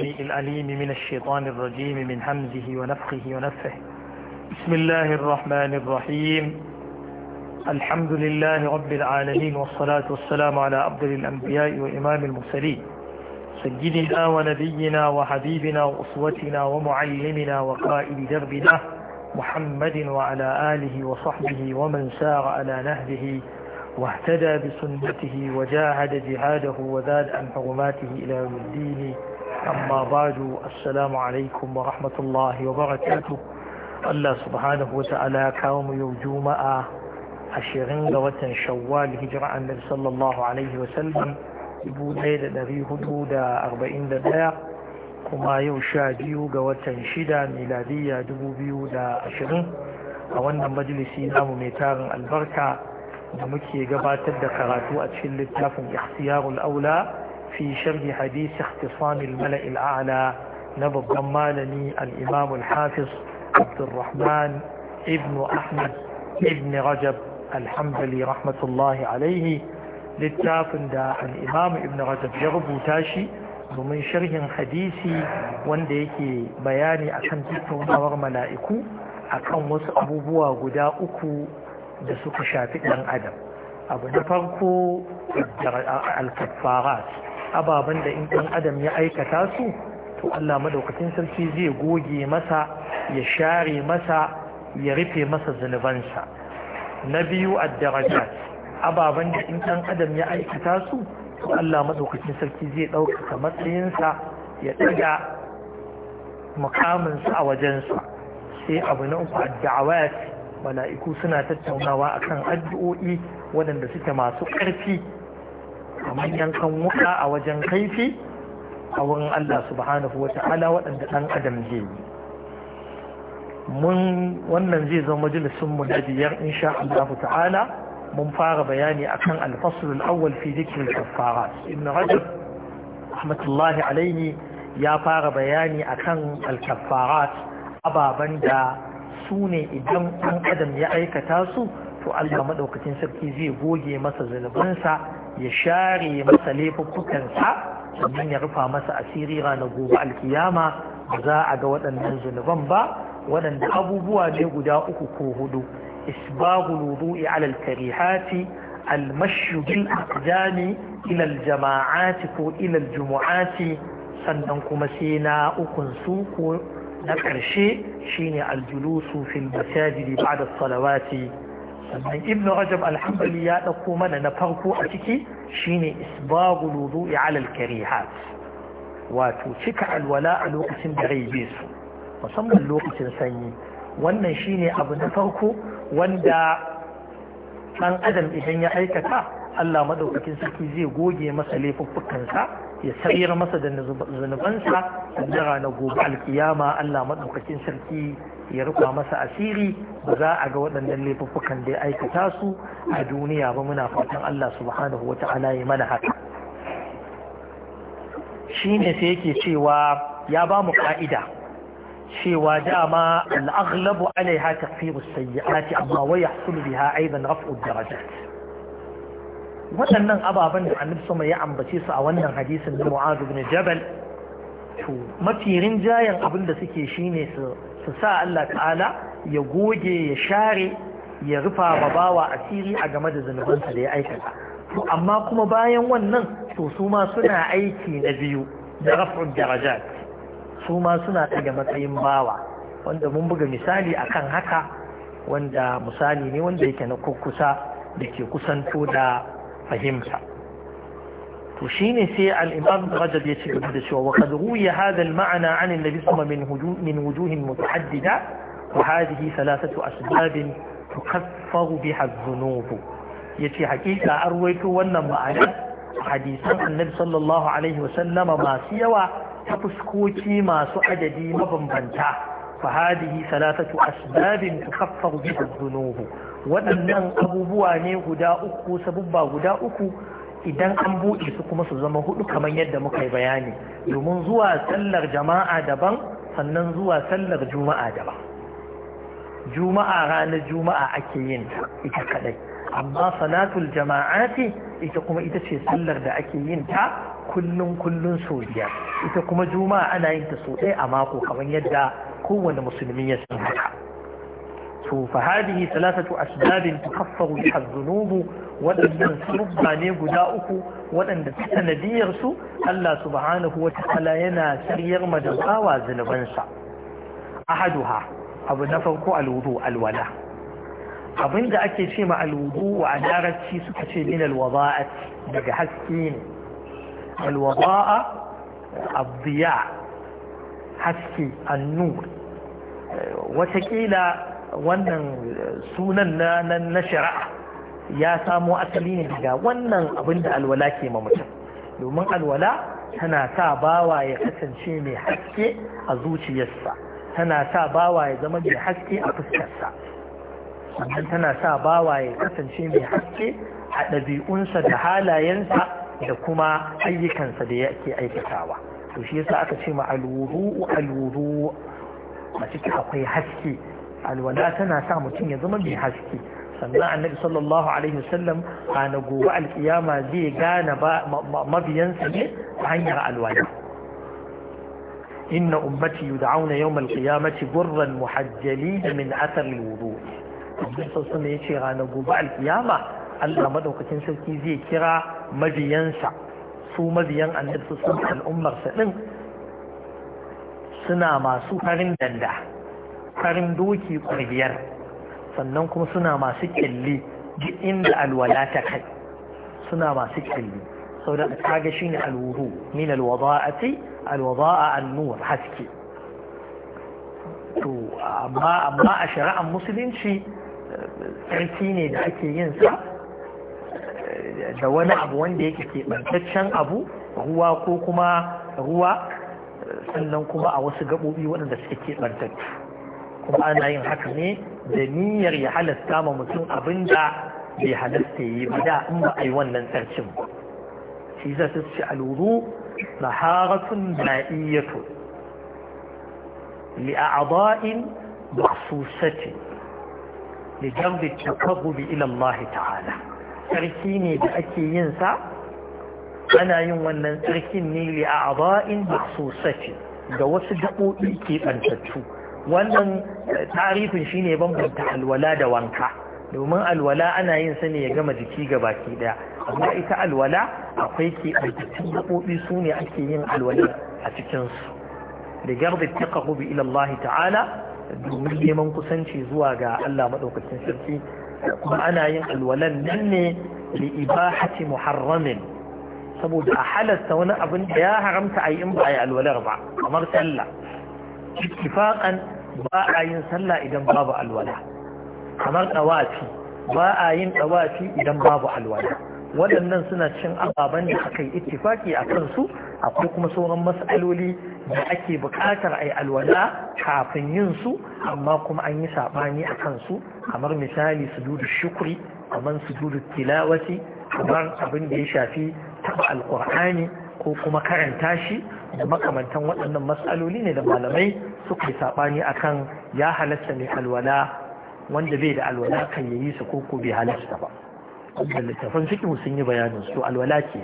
السميع الأليم من الشيطان الرجيم من همزه ونفخه ونفه بسم الله الرحمن الرحيم الحمد لله رب العالمين والصلاة والسلام على أفضل الأنبياء وإمام المرسلين سيدنا ونبينا وحبيبنا وأسوتنا ومعلمنا وقائد دربنا محمد وعلى آله وصحبه ومن سار على نهجه واهتدى بسنته وجاهد جهاده وذاد عن حرماته إلى يوم الدين أما بعد wa عليكم ورحمة الله وبركاته الله سبحانه وتعالى كوم juma'a ashirin ga watan shawwal hijira annabi sallallahu alaihi wasallam dubu ɗaya da ɗari hudu da arba'in da ɗaya kuma yau sha biyu ga watan shida miladiyya dubu biyu da ashirin a wannan majalisi namu mai tarin albarka da muke gabatar da karatu a cikin littafin ihtiyarul aula في شرح حديث اختصام الملأ الأعلى نبض مالني الإمام الحافظ عبد الرحمن ابن أحمد ابن رجب الحنبلي رحمة الله عليه littafin da al'imamu ibnu rajab ya rubuta shi domin sharhin hadisi wanda yake bayani akan tattaunawar mala'iku akan wasu abubuwa guda uku da suka shafi ɗan adam abu na farko al ababen da in ɗan adam ya aikata su to Allah madaukakin sarki zai goge masa ya share masa ya rufe masa zunubansa na biyu a daraja ababen da in ɗan adam ya aikata su to Allah madaukakin sarki zai ɗaukaka matsayinsa ya ɗaga mukaminsa a wajensa sai abu na uku adda'awat mala'iku suna tattaunawa akan addu'o'i waɗanda suke masu ƙarfi kamar yankan wuka a wajen kaifi a wurin Allah subhanahu wa ta'ala waɗanda ɗan adam zai yi mun wannan zai zama majalisun mu na biyar insha Allah ta'ala mun fara bayani akan al-fasl al-awwal fi dhikr al-kaffarat ibn rajab rahmatullahi alayhi ya fara bayani akan al-kaffarat ababan da su ne idan ɗan adam ya aikata su to Allah maɗaukacin sarki zai goge masa zunubansa ya share masa laifuffukansa sannan ya rufa masa asiri ranar gobe alkiyama ba za a ga waɗannan zunuban ba waɗanda abubuwa ne guda uku ko hudu isbagul wudu'i alal karihati ko بالأقدام إلى sannan kuma sai na سننكم سينا أكنسو كو نكرشي شين الجلوس fil المساجد bada الصلوات sannan ibn rajab alhambali ya ɗauko mana na farko a ciki shine isbagu wudu'i ala karihat wato cika alwala a lokacin da rai bai su musamman lokacin sanyi wannan shine abu na farko wanda ɗan adam idan ya aikata Allah madaukakin sarki zai goge masa laifuffukansa ya sayar masa da zunubansa da ranar gobe alkiyama Allah madaukakin sarki ya rikwa masa asiri ba za a ga waɗannan laifuffukan da ya aikata su a duniya ba muna fatan Allah subhanahu wa ta'ala ya mana haka shine sai yake cewa ya ba mu ka'ida cewa dama al'aghlabu alaiha takfirus sayyi'ati amma wa yahsulu biha aidan raf'u darajat waɗannan ababen da annabi sama ya ambace su a wannan hadisin na Mu'adh ibn Jabal to mafi rinjayen abin da suke shine su su sa Allah ta'ala ya goge ya share ya rufa babawa bawa asiri a game da zunubansa da ya aikata to amma kuma bayan wannan to su ma suna aiki na biyu da rafin darajat su ma suna daga matsayin bawa wanda mun buga misali akan haka wanda misali ne wanda yake na kukusa da ke kusanto da fahimta shine sai al’imam rajab ya ci gaba da cewa waƙad ruya haɗar ma’ana an in da bisama min wujuhin mutu haddida wa hajihi salasatu asibabin su kafaru bi hazunobu ya ce haƙiƙa an ruwaito wannan ma’ana a hadisan annabi sallallahu masu yawa ta fuskoki masu adadi mabambanta fa hadihi salasatu asbabin tukaffaru bi hazunobu waɗannan abubuwa ne guda uku sabubba guda uku idan an buɗe su kuma su zama hudu kamar yadda muka yi bayani domin zuwa sallar jama'a daban sannan zuwa sallar juma'a daban juma'a ranar juma'a ake yin ta ita kadai amma salatul jama'a ce ita kuma ita ce sallar da ake yin ta kullun kullun sau biyar ita kuma juma'a ana yin ta sau ɗaya a mako kamar yadda kowane musulmi ya san haka to fa salasatu thalathatu asbabin tukaffaru biha adh-dhunub wadannan ne guda uku waɗanda sanadiyar su Allah subhanahu wata'ala yana shiryar madawa zunuban sa ahaduha abu na farko alwudu alwala abinda ake ce ma alwudu wa adarati suka ce min alwada'at daga haske ne alwada'a abdiya haske annur watakila wannan sunan na na shari'a ya samo asali ne daga wannan abin da alwala ke ma mutum domin alwala tana sa bawa ya kasance mai haske a zuciyarsa tana sa bawa ya zama mai haske a fuskarsa sannan tana sa bawa ya kasance mai haske a ɗabi'unsa da halayensa da kuma ayyukansa da yake aikatawa to shi yasa aka ce ma alwuru'u alwuru'u a ciki akwai haske alwala tana sa mutum ya zama mai haske sannan annabi sallallahu alaihi wasallam a na gobe alkiyama zai gane mabiyansa ne ta hanyar alwala inna ummati yud'auna yawm alqiyamati gurran muhajjalin min athar alwudu Abdul Sassan ya yace ranar gobe alkiyama Allah madaukakin sarki zai kira mabiyansa su mabiyan annabi sassan al'ummarsa din suna masu farin danda farin doki ƙwariyar sannan kuma suna masu ƙyalli duk inda alwala ta kai suna masu ƙyalli sau da kaga shine alwuhu min alwada'ati alwada'a an-nur haske to amma amma a shari'ar musulunci sarki ne da ake yin sa da wani abu wanda yake keɓantaccen abu ruwa ko kuma ruwa sannan kuma a wasu gaɓoɓi waɗanda suke keɓantattu kuma ana yin haka ne da niyyar ya halasta ma mutum abin da bai halasta yi ba da in ba a yi wannan tsarcin ba shi za su ci alwudu taharatun na'iyatu li'a'adha'in makhsusati li jambi takarrubi ila Allah ta'ala tsarki ne da ake yin sa ana yin wannan tsarkin ne li'a'adha'in makhsusati ga wasu gaɓoɓi ke ɓantattu wannan tarifin shine bambanta alwala da wanka domin alwala ana yin sa ne ya gama jiki ga baki daya amma ita alwala akwai ke ɓarkacin gaɓoɓi su ne ake yin alwala a cikinsu da garda ta kahubi ilallahi ta'ala domin neman kusanci zuwa ga Allah maɗaukacin sarki kuma ana yin alwalan nan ne li ibahati muharramin saboda a halasta wani abin da ya haramta a yi in ba a yi alwalar ba kamar sallah ittifaqan ba a yin sallah idan babu alwala kamar dawafi ba a yin dawafi idan babu alwala waɗannan suna cin ababen da aka yi ittifaki a kansu akwai kuma sauran matsaloli da ake buƙatar a yi alwala kafin yin su amma kuma an yi saɓani a kansu kamar misali su dudu shukuri kamar su dudu tilawati kamar abin da ya shafi taɓa alƙur'ani ko kuma karanta shi da makamantan waɗannan matsaloli ne da malamai suka yi saɓani akan ya halasta ne alwala wanda bai da alwala kan yayi su ko ko bai halasta ba da littafin fikihu sun yi bayanin su alwala ke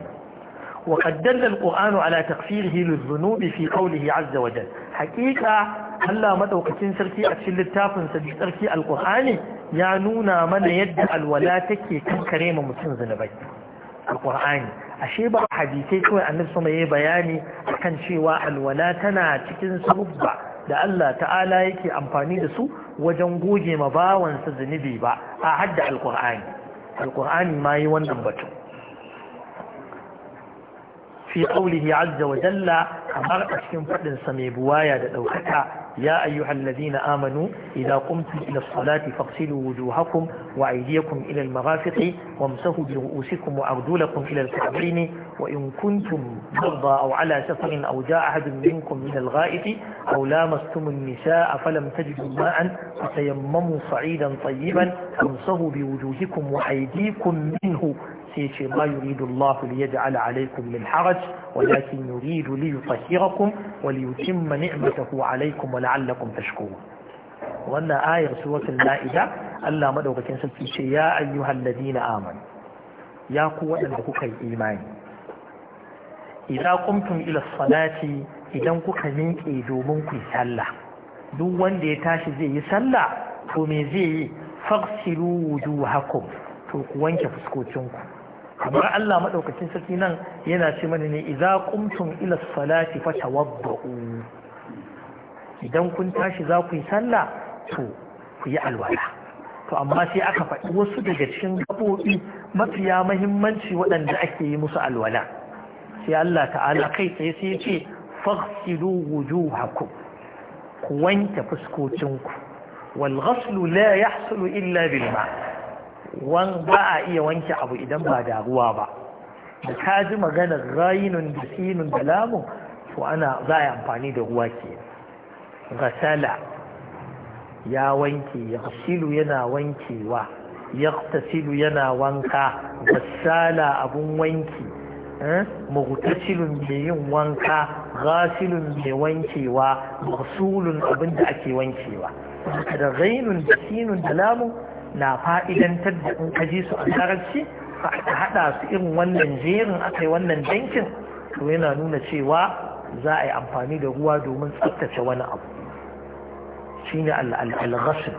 wa qaddalla alqur'anu ala taqfirihi lidhunubi fi qawlihi azza wa jalla haqiqa Allah madaukakin sarki a cikin littafin sa sarki alqur'ani ya nuna mana yadda alwala take kankare ma mutum zunubai alqur'ani ashe ba hadisai kawai annabi sama yayi bayani akan cewa alwala tana cikin sabba da Allah ta'ala yake amfani da su wajen goge ma bawansa zunubi ba a hadda alqur'ani alqur'ani ma yi wannan batun. في قوله عز وجل أمر أشكم فقد سميب وايا دوكتا يا أيها الذين آمنوا إذا قمتم إلى الصلاة فاغسلوا وجوهكم وأيديكم إلى المرافق وامسحوا برؤوسكم وأرجلكم إلى الكعبين وإن كنتم مرضى أو على سفر أو جاء أحد منكم من الغائط أو لامستم النساء فلم تجدوا ماء فتيمموا صعيدا طيبا فامسحوا بوجوهكم وأيديكم منه sai ce ma yuridu Allah li yaj'ala min haraj walakin yuridu li yutahhirakum wa li yutimma ni'matahu alaykum wa la'allakum tashkurun wannan ayar suwata al-ma'ida Allah madaukakin sarki ce ya ayyuhal halladina aman ya ku wadanda kuka yi imani idan kuntum ila salati idan kuka minke domin ku sallah duk wanda ya tashi zai yi sallah to me zai yi faghsilu wujuhakum to ku wanke fuskokinku amma Allah maɗaukacin sarki nan yana ce mana ne idza qumtum ila salati fatawaddu idan kun tashi za ku yi sallah to ku yi alwala to amma sai aka faɗi wasu daga cikin gaɓoɓi mafiya mahimmanci waɗanda ake yi musu alwala sai Allah ta'ala kai tsaye sai ce faghsilu wujuhakum ku wanke fuskocinku wal ghaslu la yahsulu illa bil ma' wan ba a iya wanke abu idan ba da ruwa ba da ka ji maganar rayinun da sinun da lamun to ana za a yi amfani da ruwa ke gasala ya wanke ya yana wankewa ya yana wanka gasala abun wanki eh, mugtasilun mai yin wanka gasilun mai wankewa masulun abin da ake wankewa da rainun da sinun da lamun na fa'idantar da in kaji su a larabci aka haɗa su irin wannan jerin aka yi wannan dankin to yana nuna cewa za a yi amfani da ruwa domin tsaftace wani abu shi ne al'al'asir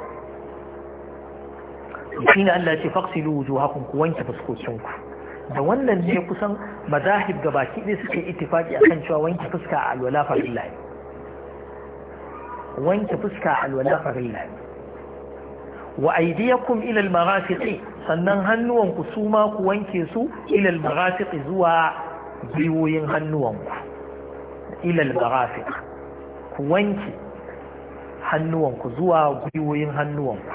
shi ne Allah ce faksilu wujo hakun ku wanke fuskokinku da wannan ne kusan mazahib ga baki ne suke itifaki a kan cewa wanke fuska a alwala Farin wanke fuska a alwala farilla wa aydiyakum ila marafiqi sannan hannuwanku su ma ku wanke su ilal al-marafiqi zuwa biyoyin hannuwanku Ilal al-marafiq ku wanke hannuwanku zuwa gwiwoyin hannuwanku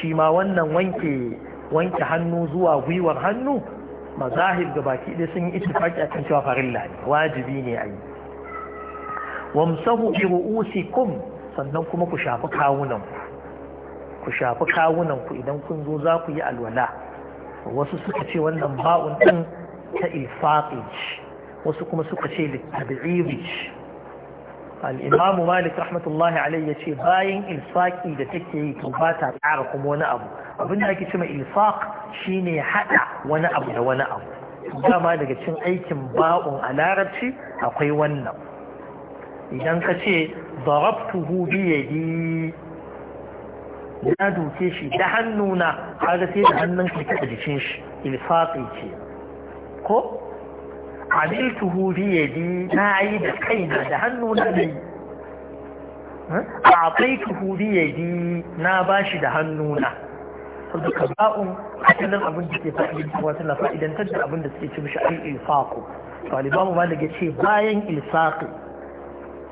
shi ma wannan wanke wanke hannu zuwa gwiwar hannu mazahib ga baki ɗaya sun yi ittifaki a kan cewa farilla ne wajibi ne a yi wamsahu bi ru'usikum sannan kuma ku shafi kawunanku ku shafi kawunanku idan kun zo za ku yi alwala wasu suka ce wannan ba'un ɗin ta ilfaqi wasu kuma suka ce littabi'i al imamu malik rahmatullahi alayhi yace bayan ilfaƙi da take yi to ba ta ƙara kuma wani abu abin da ake cewa ilfaq shine haɗa wani abu da wani abu dama daga cin aikin ba'un a larabci akwai wannan idan ka ce zarabtuhu bi ya doke shi da hannuna kaga sai da hannun ka ta jikin shi ilfaqi ce ko amiltuhu bi yadi na yi da kaina da hannuna ne a abaituhu bi yadi na bashi da hannuna saboda kaba'un asalin abin da ke fa'idantar wasu na fa'idantar da abin da suke ci mishi ai ilfaqu to alibamu malik ya ce bayan ilfaqi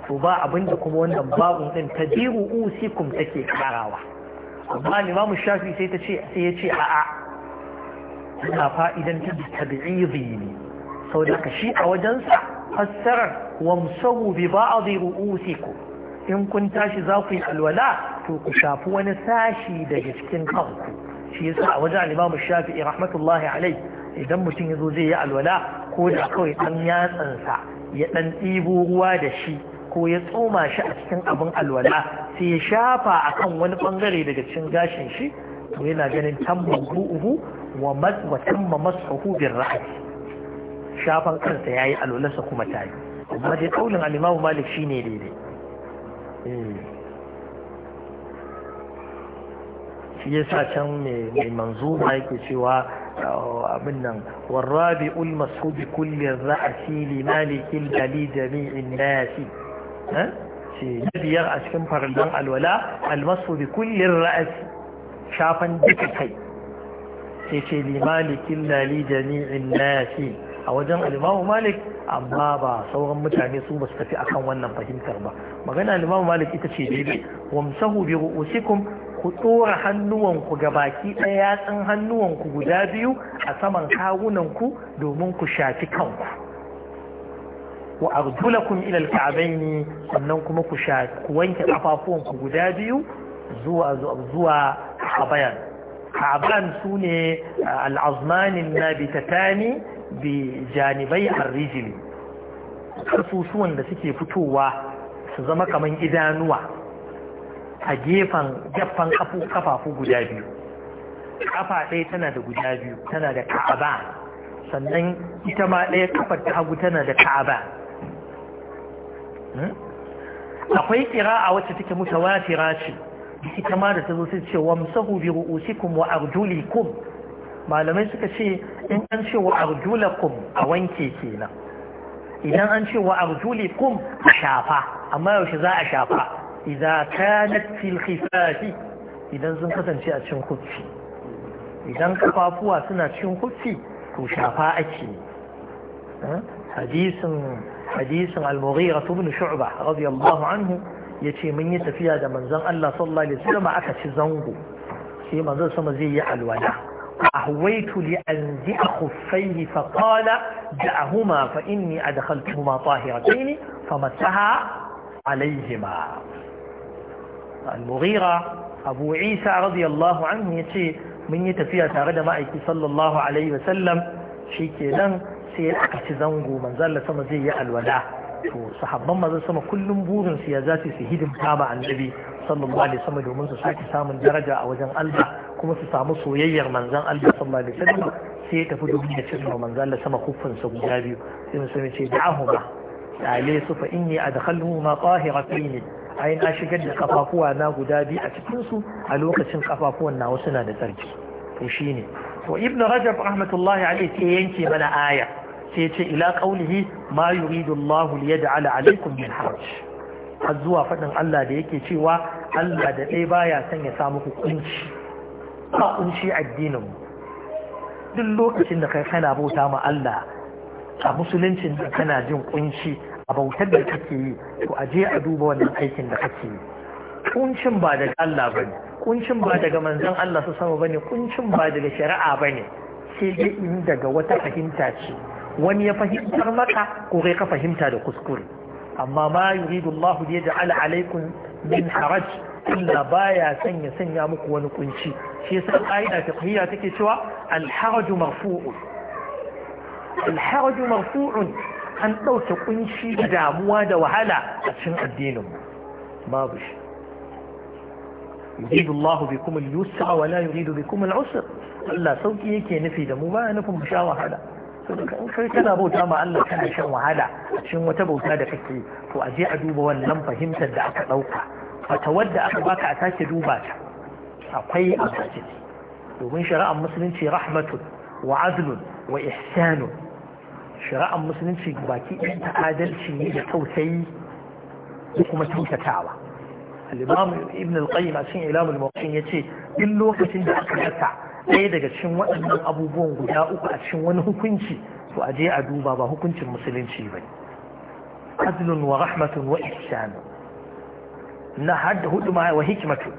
to ba abin da kuma wannan babun din tabiru usikum take karawa amma limamu shafi sai ta ce sai ya ce a'a ina fa'idan ta tabi'izi ne sau da ka shi a wajensa fassarar wamsahu bi ba'adhi ru'usikum in kun tashi za ku yi alwala to ku shafi wani sashi daga cikin kanku shi yasa a wajen limamu shafi'i rahmatullahi alai idan mutum ya zo zai yi alwala ko da kawai ɗan yatsansa ya ɗan ɗibo ruwa da shi ko ya tsoma shi a cikin abin alwala sai ya shafa a kan wani bangare daga cikin gashin shi to yana ganin tamman bu'uhu wa tamma masuhu bin ra'ayi shafan kansa yayi alwalarsa kuma ta yi amma dai kaulin al Malik shine daidai eh. shi yasa can mai manzuma yake cewa ah, abin nan warrabi ul bi kullin ra'asi li malikil dali jami'in nasi Eh? na biyar a cikin farallon alwala almasu bi kullin ra'asi shafan duka kai sai ce limalikin lali jami'in na nasi a wajen alimamu malik amma ba sauran mutane su ba su tafi akan wannan fahimtar ba magana alimamu malik ita ce daidai wamsahu bi ru'usikum ku tsora hannuwanku ga baki ɗaya yatsun hannuwanku guda biyu a saman kawunanku domin ku shafi kanku wa arjulakum ila alka'bayn sannan kuma ku sha ku wanke kafafuwan ku guda biyu zuwa zuwa kabayan kaban sune uh, al'azmanin nabitatani bi janibai arrijili kasusuwan da suke fitowa su zama kaman idanuwa a gefen gefen kafafu guda biyu kafa ɗaya tana da guda biyu tana da ka'aba sannan ita ma ɗaya kafar ta hagu tana da ka'aba Hmm? akwai kira a wacce take mutawatira ce ita ma da ta zo sai ce musahu bi ru'usikum wa arjulikum malamai suka ce in an ce wa arjulakum a wanke kenan idan an ce wa arjulikum a shafa amma yaushe za a shafa idan kanat fil khifafi idan sun kasance a cikin kufi idan kafafuwa suna cikin kufi to shafa ake hmm? hadisin hadisin al-mughira ibn shu'ba radiyallahu anhu yace mun yi tafiya da manzon Allah sallallahu alaihi wasallam aka ci zango sai manzon sama zai yi alwala ahwaitu li anzi khuffayhi fa qala da'ahuma fa inni adkhaltuhuma tahiratayn famasaha alaihima al-mughira abu isa radiyallahu anhu yace mun yi tafiya tare da ma'aiki sallallahu alaihi sai aka ci zango manzo Allah sama zai yi alwala to sahabban manzo sama kullum burin su ya za su su hidimta ma annabi sallallahu alaihi wasallam domin su sake samun daraja a wajen Allah kuma su samu soyayyar manzon Allah sallallahu alaihi wasallam sai ya tafi domin ya cimma manzo Allah sama kuffin sa guda biyu sai musulmi ce da'ahuma dale su fa inni adkhaluhu ma tahiratin ai na shigar da kafafuwa na guda biyu a cikin su a lokacin kafafuwan na wasu na da tsarki to shine to ibnu rajab rahmatullahi alaihi sai yanke mana aya sai ce ila kaunihi ma yuridu Allahu liyaj'ala alaykum min haraj har zuwa fadin Allah da yake cewa Allah da dai baya son ya samu muku kunci ba kunci addinin mu duk lokacin da kai kana bauta ma Allah a musuluncin da kana jin kunci a bautar da kake yi to a je a duba wannan aikin da kake yi kuncin ba daga Allah bane kuncin ba daga manzon Allah su sama bane kuncin ba daga shari'a bane sai dai in daga wata fahimta ce wani ya fahimtar maka ko kai ka fahimta da kuskure amma ma yuridu Allah ya ja'ala alaikum min haraj illa baya sanya sanya muku wani kunci shi yasa ƙa'ida ta fahiyya take cewa al haraj marfu'un al haraj marfu'un an dauke kunci da damuwa da wahala a cikin addinin babu shi yuridu Allah bikum al-yusra wa la yuridu bikum al-usra Allah sauki yake nufi da mu ba nufin mu kai kana bauta ma Allah kana shan wahala a cikin wata bauta da kake to a je a duba wannan fahimtar da aka ɗauka wata wadda aka baka a sake duba ta akwai a domin shari'ar musulunci rahmatun wa adlun wa ihsanun shari'ar musulunci baki ɗin ta adalci ne da tausayi da kuma kyautatawa al-imam ibn al-qayyim a cikin ilamul muqin yace in lokacin da aka rasa ɗaya daga cikin waɗannan abubuwan guda uku a cikin wani hukunci to a je a duba ba hukuncin musulunci ba adlun wa rahmatun wa ihsan na hadda hudu ma wa hikmatu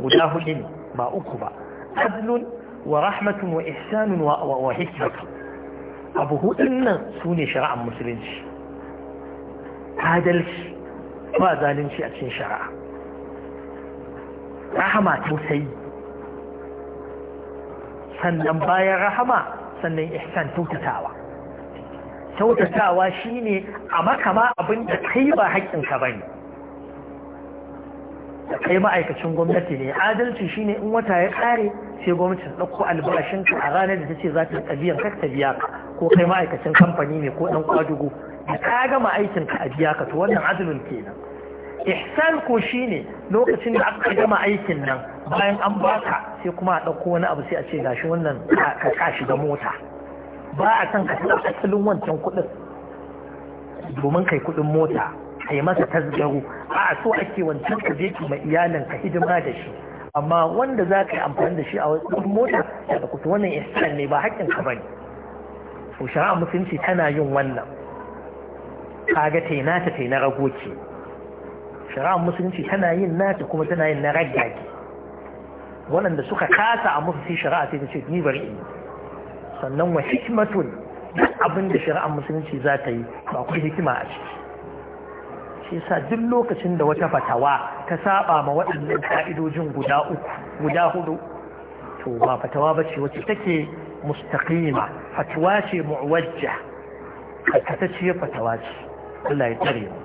guda hudu ne ba uku ba adlun wa rahmatun wa ihsanun wa hikmatu abu hudun nan su ne shari'ar musulunci adalci ba zalunci a cikin shari'a rahama tausayi sannan bayan rahama sannan ihsan Tautatawa kyautatawa shine a makama abin da kai ba haƙƙinka bane da kai ma'aikacin gwamnati ne adalci shine in wata ya kare sai gwamnati gwamnatin ɗauko albashinka a ranar da ta ce za ta tabiyan ka ta biya ka ko kai ma'aikacin kamfani ne ko ɗan kwadugo da ka gama aikinka a biya ka to wannan adalun kenan ihsan ko shine lokacin da aka gama aikin nan bayan an baka sai kuma a ɗauko wani abu sai a ce gashi wannan ka kashi da mota ba a san ka taɓa asalin wancan kuɗin domin kai kuɗin mota a yi masa tasgaro a so ake wancan ka je ki mai iyalin ka hidima da shi amma wanda za ka yi amfani da shi a wasu mota ya da kuta wannan ihsan ne ba haƙƙin ka bane to shari'a musulunci tana yin wannan kaga taina ta taina ragoci shari'a musulunci tana yin nata kuma tana yin na ragage waɗanda suka kasa a musu shari'a sai ta ce ni bari in sannan wa hikmatun duk abin da shari'ar musulunci za ta yi ba kuma hikima a ciki shi yasa duk lokacin da wata fatawa ta saba ma waɗannan ka'idojin guda uku guda hudu to ba fatawa ba ce wacce take mustaqima fatawa ce mu'wajja karkatacciyar fatawa ce Allah ya tsare mu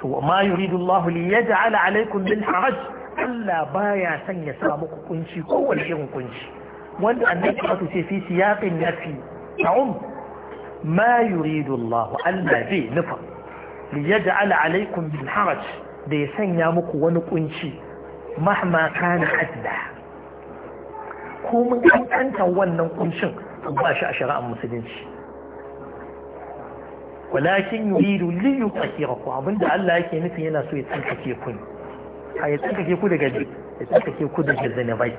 to ma yuridu Allah li yaj'ala alaykum min haraj Allah baya son ya sa muku kunci kowane irin kunci wanda annabi ba su ce fi siyaqin nafi ta'um ma yuridu Allah Allah zai nufa li yaj'al alaykum bil haraj da ya sanya muku wani kunci mahma kana hadda ko mun kankanta wannan kuncin ba shi a shari'ar musulunci walakin yuridu li yutahhirakum abinda Allah yake nufi yana so ya tsarkake ku a ya tsarkake ku da ji ya tsarkake ku da daga zanabai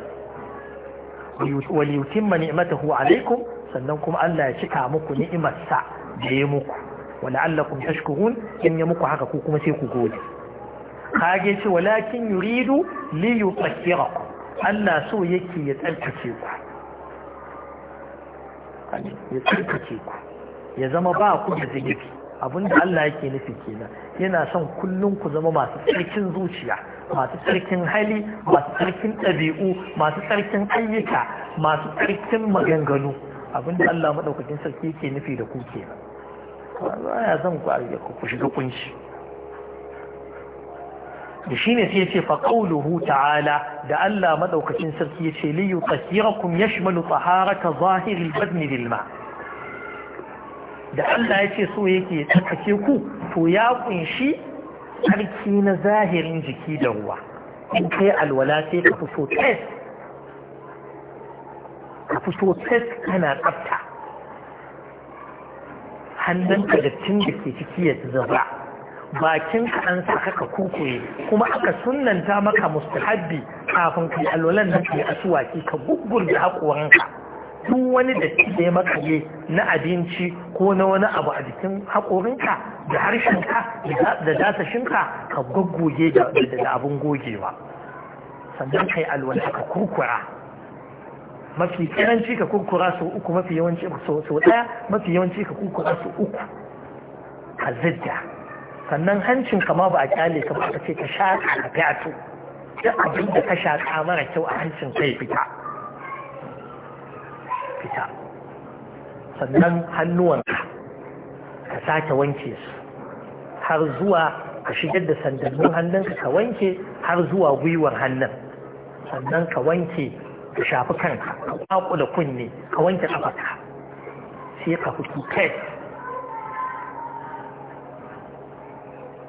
ma yutimma ni'matahu alaikum sannan kuma Allah ya cika muku ni'imarsa da ya muku wa la'allakum tashkurun in ya muku haka ku kuma sai ku gode kage ce walakin yuridu li yutahhirakum Allah so yake ya tsarkake ku ya tsarkake ku ya zama ba ku da zunubi abin da Allah yake nufi kenan yana son kullum ku zama masu tsarkin zuciya masu tsarkin hali masu tsarkin ɗabi'u masu tsarkin ayyuka masu tsarkin maganganu abin da Allah maɗaukakin sarki yake nufi da ku kenan ba ya zan ku ku shiga kunshi da shi ne sai ce faƙauluhu ta'ala da Allah maɗaukacin sarki ya ce liyu tsakirakum ya shimalu tsaharaka zahirin badni lilma da Allah ya ce so yake tsarkake ku to ya kunshi tsarki na zahirin jiki da ruwa in kai alwala sai ka fito tes ka fito tes kana tsafta hannunka da da ke ciki ya zaba bakin ka an ka kukuye kuma aka sunanta maka mustahabbi kafin kai alwalan nan ke asuwaki ka gugur da haƙoranka duk wani da ke makaye na abinci ko na wani abu a jikin haƙorinka da harshenka da dasashinka ka gaggoge da abin gogewa sannan kai alwala ka kurkura mafi karanci ka kurkura sau uku mafi yawanci sau daya mafi yawanci ka kurkura sau uku ka zidda sannan hancin kama ba a kyale ka ba ka ce ka shaƙa ka to duk abin da ka sha mara kyau a hancin kai fita sannan hannuwanka ka sake wanke su har zuwa ka shigar da sandannun hannunka ka wanke har zuwa gwiwar hannun sannan ka wanke ka shafi kanka ka kwakula kunne ka wanke kafarka sai ka fito kai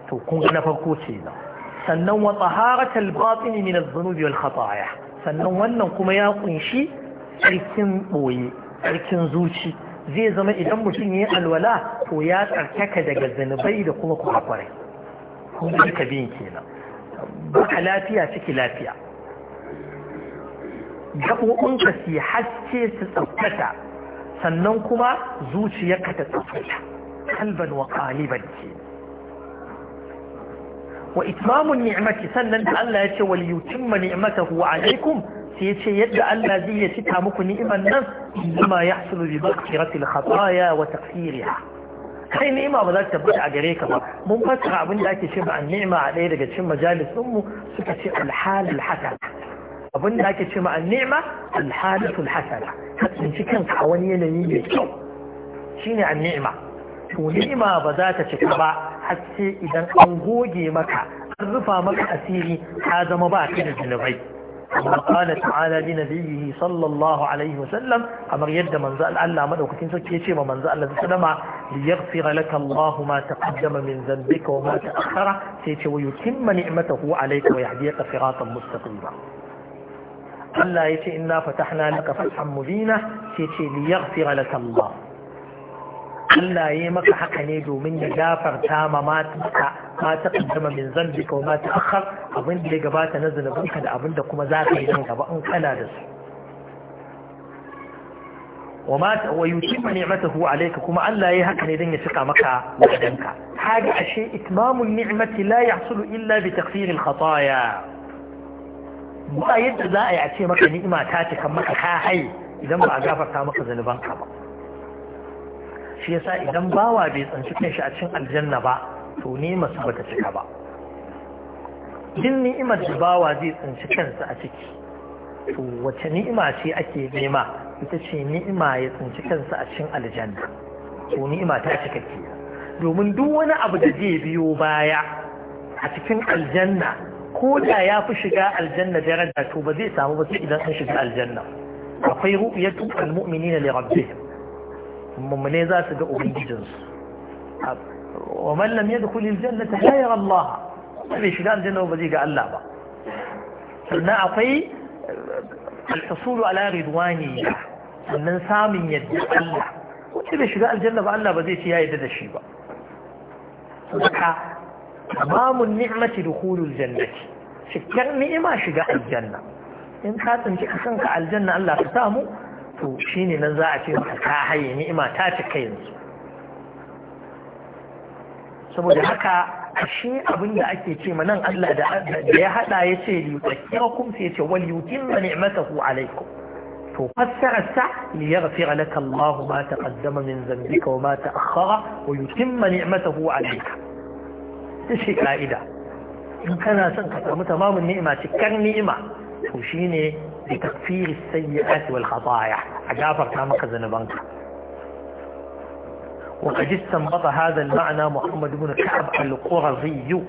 to kun ga na farko ce na. sannan wa taharatul batin min adh-dhunubi wal khataaya sannan wannan kuma ya kunshi tsarkin boye tsarkin zuci zai zama idan mutum ya yi alwala to ya tsarkaka daga zanubai da kuma kwarakwarai kuma duka biyun kenan baka lafiya ciki lafiya gaɓoɓinka su haske su tsaftata sannan kuma zuciyarka ta tsaftata kalban wa ƙaliban ce wa itmamun ni'mati sannan da Allah ya ce wal yutimma ni'matahu alaikum sai ya ce yadda Allah zai ya cika muku ni'imar nan bima ya hasulu bi bakiratil khataya wa takfiriha kai ni'ima ba za ta tabbata a gare ka ba mun fassara abin da ake ce ba ni'ima a ɗaya daga cikin majalisun mu suka ce alhalul hasana abin da ake ce ma ni'ima alhalatul hasana ka tsinci kanka a wani yanayi mai kyau shine an ni'ima to ni'ima ba za ta cika ba har sai idan an goge maka an rufa maka asiri ka zama ba ka da zunubai وقال تعالى لنبيه صلى الله عليه وسلم أمر يد من زال ألا من أكتن سكيشي ومن زال سلم ليغفر لك الله ما تقدم من ذنبك وما تأخر سيتي ويتم نعمته عليك ويهديك صراطا مستقيما ألا يتي إنا فتحنا لك فتحا مبينا سيتي ليغفر لك الله Allah ya maka haka ne domin ya gafarta ma mata ma ta kaddama min zambi ko ma ta akhar abin da ya gabata na zunubinka da abin da kuma za ka yi nan gaba in kana da su wa ma wa yutimma ni'matahu alayka kuma Allah ya haka ne dan ya cika maka wadanka hadi ashe itmamul ni'mati la yahsulu illa bi takfir al khataaya ba yadda za a yi a ce maka ni'ima ta cika maka ka hai idan ba a gafarta maka zanubanka ba shi yasa idan bawa bai tsanci kanshi a cikin aljanna ba to ne masu bata cika ba din ni'imar da bawa zai tsanci kansa a ciki to wace ni'ima ce ake nema ita ce ni'ima ya tsanci kansa a cikin aljanna to ni'ima ta cika ke domin duk wani abu da zai biyo baya a cikin aljanna ko da ya fi shiga aljanna daraja to ba zai samu ba sai idan an shiga aljanna akwai ru'yatu al-mu'minina li rabbihim mummune za su ga ubangijinsu wa man lam yadkhul jannata la yara Allah bai shiga aljanna ba zai ga Allah ba sannan akwai alhusulu ala ridwani sannan samun yadda Allah ko wanda bai shiga aljanna ba Allah ba zai ce ya yadda da shi ba saka tamamun ni'mati dukhulul jannati shikar ni'ima shiga aljanna in ka tsinci kanka aljanna Allah ka samu to shine nan za a ce maka ka haye ni'ima ta cika yanzu saboda haka a abin abinda ake ce ma nan Allah da ya hada ya ce liyutakirakum sai ya ce wal yutimma ni'matahu alaikum to fassara sa liyaghfira laka Allah ma taqaddama min dhanbika wa ma ta'akhkhara wa ma yutimma ni'matahu alayka shi ka'ida in kana son ka samu tamamin ni'ima cikar ni'ima to shine بتكفير السيئات والخطايا أجافر كما قزن بنك وقد استنبط هذا المعنى محمد بن كعب القرظي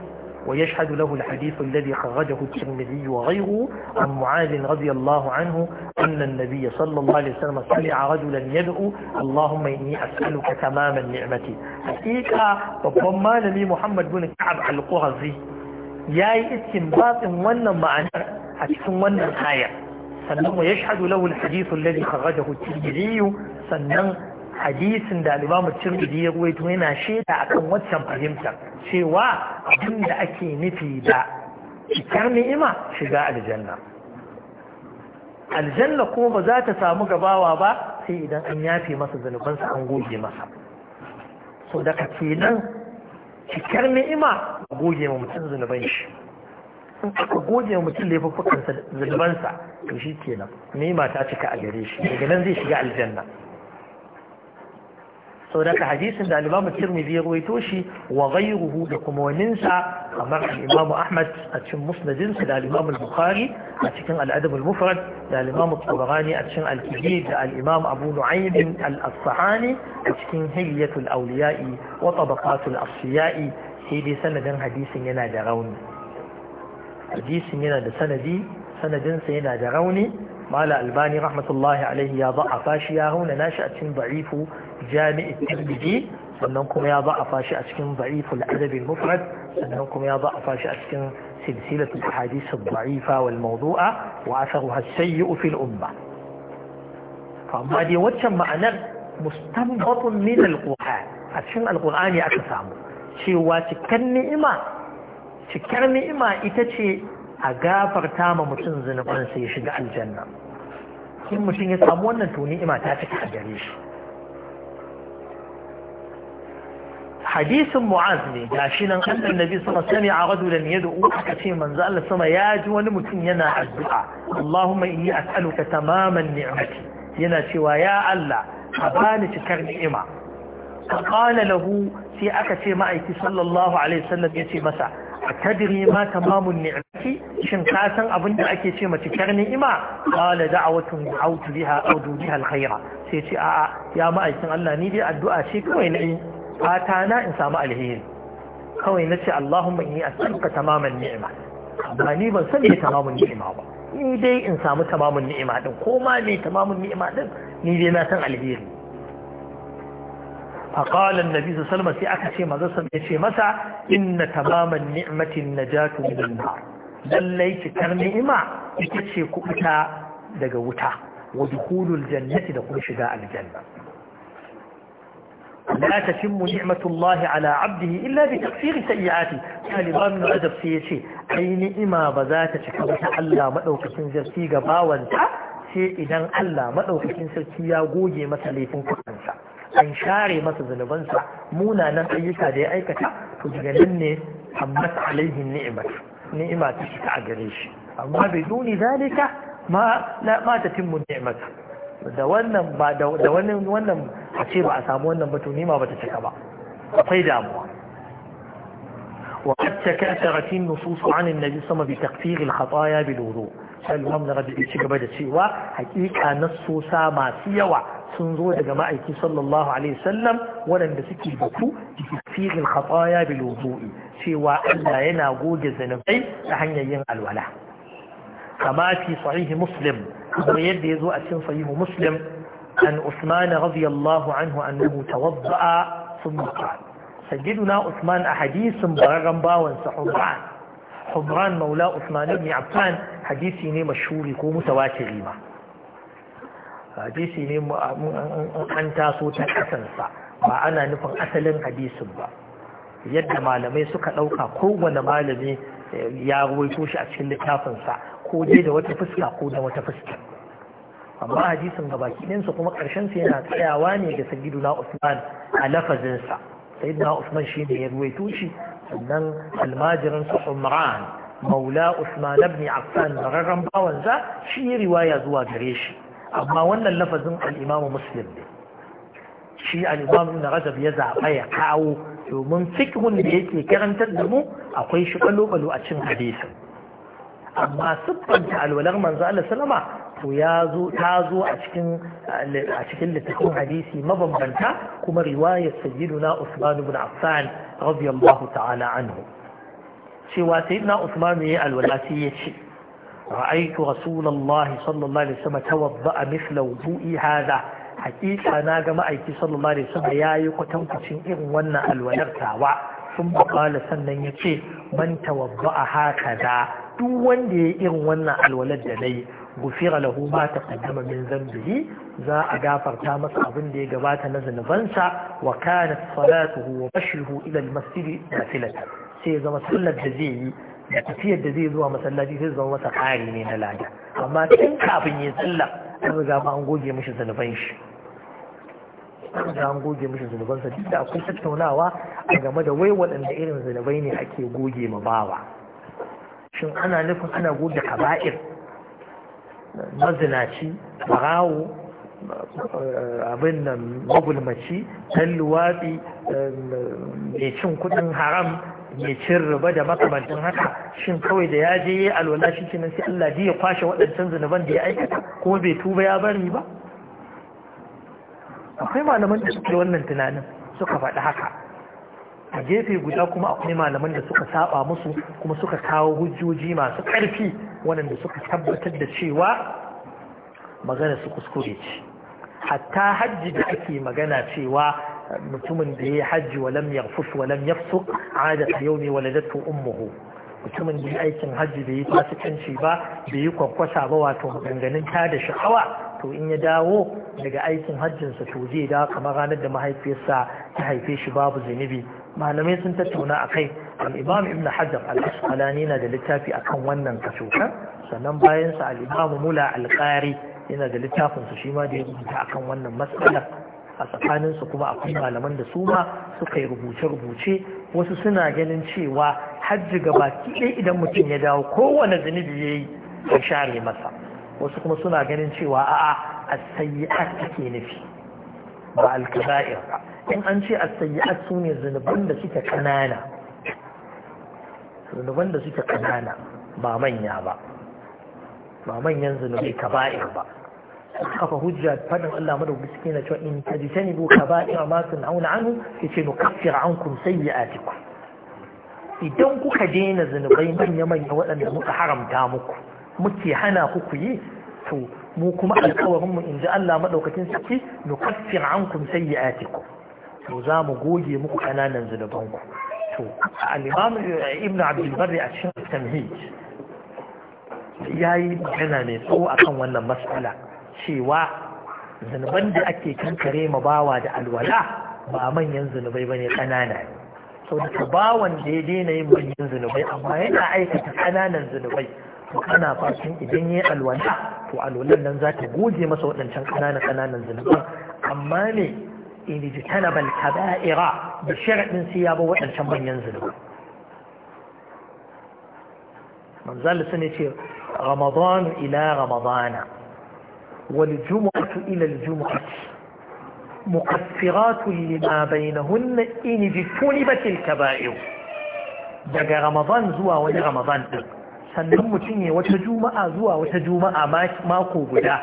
ويشهد له الحديث الذي خرجه الترمذي وغيره عن معاذ رضي الله عنه أن النبي صلى الله عليه وسلم سمع رجلا يدعو اللهم إني أسألك تمام النعمة حقيقة ربما نبي محمد بن كعب القرظي ياي استنباط ونن معنى حتى ونن آية sannan wa yashhadu lahu al-hadith alladhi kharajahu at-tirmidhi sannan hadisin da al-imam tirmidhi ya ruwaito yana shaida akan waccan fahimtar cewa abinda ake nufi da cikar ni'ima shiga aljanna aljanna kuma ba za ta samu gabawa ba sai idan an yafe masa zanubansa an goge masa so daga kenan cikar ni'ima goge ma mutum zanuban shi in goge da mutum laifuffukansa zulmansa to shi kenan nema ta cika a gare shi daga nan zai shiga aljanna sau daga hadisin da alimamu tirmidhi ya ruwaito shi wa ghayruhu da kuma waninsa kamar alimamu ahmad a cikin musnadinsa da alimamu bukhari a cikin al'adab al-mufrad da alimamu tabarani a cikin al da alimam abu nu'aym al-asfahani a cikin hilyatul auliya'i wa tabaqatul asiya'i sai dai sanadin hadisin yana da rauni hadisin yana da sanadi sanadinsa yana da rauni mala albani rahmatullahi alaihi ya a fashi ya hauna nashi a cikin da'ifu jami'i tirmidhi sannan kuma ya za'afa a cikin da'ifu al-adab mufrad sannan kuma ya za'afa shi a cikin silsilatu al-ahadith ad-da'ifa wal mawdu'a wa atharuha as-sayyi'u umma fa amma dai waccan ma'anar mustanbatun min al-qur'an a cikin al-qur'ani aka samu cewa cikan ni'ima cikar ni'ima ita ce a gafarta ma mutum zunubansa ya shiga aljanna in mutum ya samu wannan to ni'ima ta cika a gare shi hadisin mu'az ne ga shi nan an nabi sama sami a da rajulan uku aka ce manzo Allah sama ya ji wani mutum yana addu'a Allahumma inni as'aluka tamaman ni'mati yana cewa ya Allah ka bani cikar ni'ima ka فقال له في أكتي معك صلى الله عليه وسلم يتي masa. a tadiri ma tamamun ni'amati shin ka san abin da ake ce mace kyar ni'ima qala da'watun da'awtu biha awdu biha alkhaira sai ce a'a ya ma'aikin Allah ni dai addu'a ce kawai na yi fata na in samu alheri kawai na ce Allahumma inni as'aluka tamaman ni'ima amma ni ban san me tamamun ni'ima ba ni dai in samu tamamun ni'ima din ko ma me tamamun ni'ima din ni dai na san alheri فقال النبي صلى الله عليه وسلم في أكسي مدرسة يشي مسع إن تمام النعمة النجاة من النار للي تكر نعمة يتشي كؤتا دقوتا ودخول الجنة دخول شداء الجنة لا تتم نعمة الله على عبده إلا بتكفير سيئاته كالبان من أدب سيشي أي نعمة بذات تكبت ألا مأوك تنزل في قباوة sai idan Allah maɗaukakin sarki ya goge masa laifin kusansa an share masa zunubansa munanan ayyuka da ya aikata to daga nan ne hammat alaihi ni'mat ni'ima ta shiga a gare shi amma bai duni zalika ma la ma ta timmu ni'mat da wannan ba da wannan wannan a ce ba a samu wannan ba to nima ba ta cika ba akwai damuwa وقد تكاثرت النصوص عن النبي صلى الله عليه وسلم بتقفير الخطايا بالوضوء sai imam na rabi'i ci gaba da cewa hakika na sosa masu yawa sun zo daga ma'aiki sallallahu alaihi sallam waɗanda suke batu firin khataya bil wudu'i cewa Allah yana goge zanubai ta hanyar yin alwala kama fi sahih muslim kamar yadda ya zo a cikin sahih muslim an usman radiyallahu anhu annahu tawadda'a thumma qala sayyiduna usman a hadisin bararan bawan sa hubran hubran maula usman ibn affan hadisi ne mashhuri ko mutawatiri ba hadisi ne an taso ta kasansa ba ana nufin asalin hadisin ba yadda malamai suka ɗauka kowane malami eh, ya ruwaito shi a cikin littafinsa ko dai da wata fuska ko da wata fuska amma hadisin ga baki ɗinsa kuma ƙarshen sa yana tsayawa ne ga sayyidu na Usman a lafazinsa sayyidu na Usman shi ne ya ruwaito shi sannan almajirin sa Umran maula Usman ibn Affan bawan bawansa shi riwaya zuwa gare shi amma wannan lafazin al'imamu muslim ne shi al'imamu na rajab ya zaɓa ya kawo domin fikihun da yake karantar da mu akwai shi ɓalo-ɓalo a cin hadisi amma siffanta alwalar manzo Allah salama to ya zo ta zo a cikin a littafin hadisi mabambanta kuma riwayar sayyiduna Usman ibn Affan radiyallahu ta'ala anhu cewa sayyidina Usman ya alwala sai ya ce رأيت رسول الله صلى الله عليه وسلم توضأ مثل وضوئي هذا حقيقة أنا جماعة صلى الله عليه وسلم يا يقتن كشين إن ونا الولرتا و ثم قال سنة يتي من توضأ هكذا دون دي إن ونا الولد لي غفر له ما تقدم من ذنبه ذا أغافر تامس أبن دي قبات نزل فنسا وكانت صلاته ومشيه إلى المسجد نافلة سيزم سلة جزيه da tafiyar da zai zuwa masallaci sai zama masa ƙari ne na lada amma tun kafin ya tsalla an riga ba an goge mishi zunuban shi an an goge mishi zunuban sa da akwai tattaunawa a game da wai waɗanda irin zunubai ne ake goge ma bawa shin ana nufin ana goge kaba'ir mazinaci barawo abin nan magulmaci ɗan luwaɗi eh, mai cin kuɗin haram mai cin riba da makamantin haka shin kawai da ya je ya alwala shi kenan sai Allah ya kwashe waɗancan zunuban da ya aikata kuma bai tuba ya bari ba akwai malaman da suke wannan tunanin suka faɗi haka a gefe guda kuma akwai malaman da suka saba musu kuma suka kawo hujjoji masu ƙarfi waɗanda suka tabbatar da cewa magana su kuskure ce hatta hajji da ake magana cewa mutumin da ya yi hajji walam yarfus walam yafsuq adat ne waladatu ummuhu mutumin da aikin hajji bai yi fasikanci ba bai yi kwakwasa ba wato maganganun ta da sha'awa to in ya dawo daga aikin hajjinsa to zai dawo kamar ranar da mahaifiyarsa ta haife shi babu zunubi malamai sun tattauna a kai al'imam ibn hajar al'asqalani na da littafi akan wannan kaso sannan bayansa al'imam mula alƙari yana da littafinsa shi ma da ya rubuta akan wannan matsalar a tsakaninsu kuma akwai malaman da su ma suka yi rubuce-rubuce wasu suna ganin cewa hajji gaba ɗaya idan mutum ya dawo kowane zunubi ya yi an share masa wasu kuma suna ganin cewa a'a a sayi a take nufi ba al ba in an ce a a su ne zunuban da suke kanana zunuban da suke kanana ba manya ba ba manyan zunubi ka ba'ir ba kafa hujja fadin Allah madaukaki na cewa in tajtanibu kaba'ira ma tunhauna anhu yace nukaffir ankum sayyi'atikum idan kuka daina zunubai manya manya waɗanda muka haramta muku muke hana ku ku yi to mu kuma alkawarin mu inji Allah madaukakin sarki nukaffir ankum sayyi'atikum to za mu goge muku kananan zunubanku to al-imam ibnu abdul barri a cikin tamhid yayi magana ne tsawo akan wannan mas'ala cewa zunuban da ake kankare ma bawa da alwala ba manyan zunubai bane kanana ne sau da bawan da ya daina yin manyan zunubai amma yana aikata kananan zunubai to ana fatan idan ya alwala to alwalan nan za ta goge masa waɗancan ƙananan kananan zunubai? amma ne in ji bal kaba'ira da sharaɗin sai ya ba waɗancan manyan zunubai manzal sun ce ramadan ila ramadana والجمعة إلى الجمعة مقفرات لما بينهن إن اجتنبت الكبائر daga Ramadan zuwa wani Ramadan ɗin sannan mutum ya wata juma'a zuwa wata juma'a mako guda